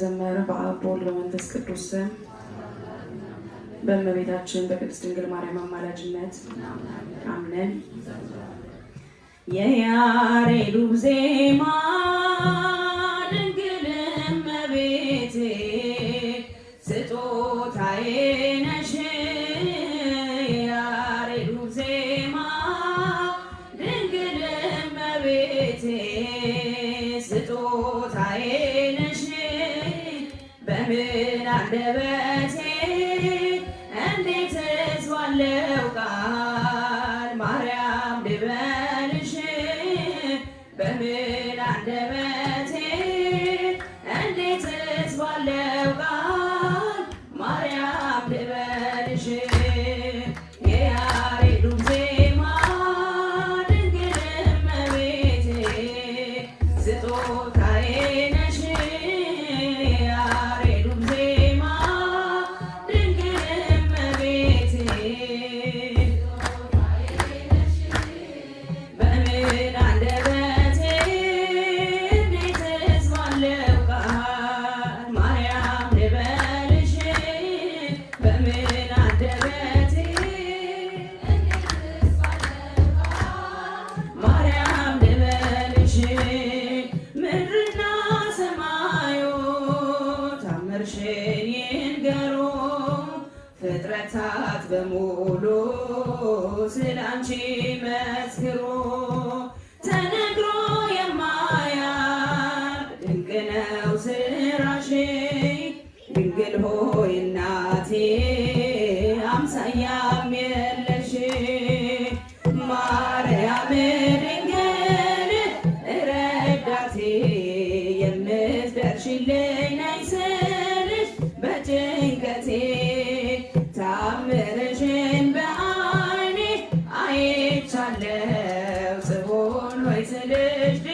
ዘመረ በአብ ወልድ በመንፈስ ቅዱስ ስም በእመቤታችን በቅድስት ድንግል ማርያም አማላጅነት አምነን የያሬዱ ዜማ Bebe. ዕለታት በሙሉ ስላንቺ መስክሮ ተነግሮ የማያልቅ ድንቅ ነው ስራሽ ድንግል ሆይ እናቴ አምሳያም It is.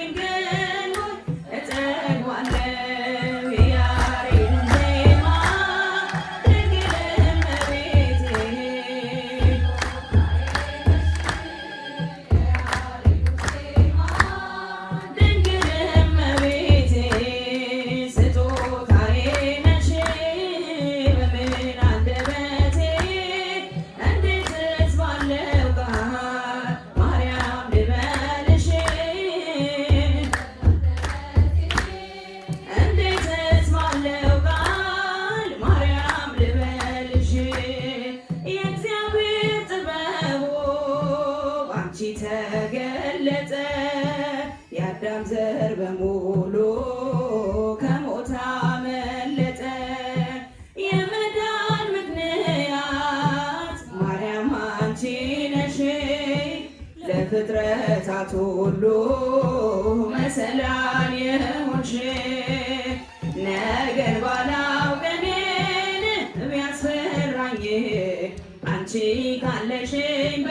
አንቺ ተገለጠ የአዳም ዘር በሙሉ ከሞት አመለጠ። የመዳን ምክንያት ማርያም አንቺ ነሽ ለፍጥረታት ሁሉ መሰላል የሆንሽ ነገር ባላውቅ እኔን ቢያስፈራኝ አንቺ ካለሽኝ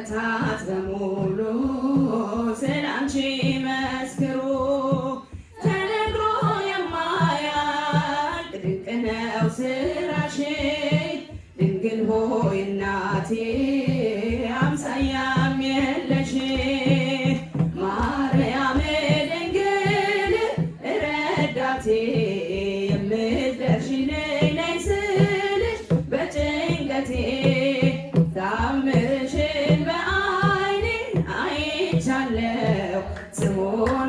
ፍጥረታት በሙሉ ስለ አንቺ መስክሩ። ተነግሮ የማያልቅ ድንቅ ነው ስራሽ ድንግል ሆይ እናቴ አለው ስሙን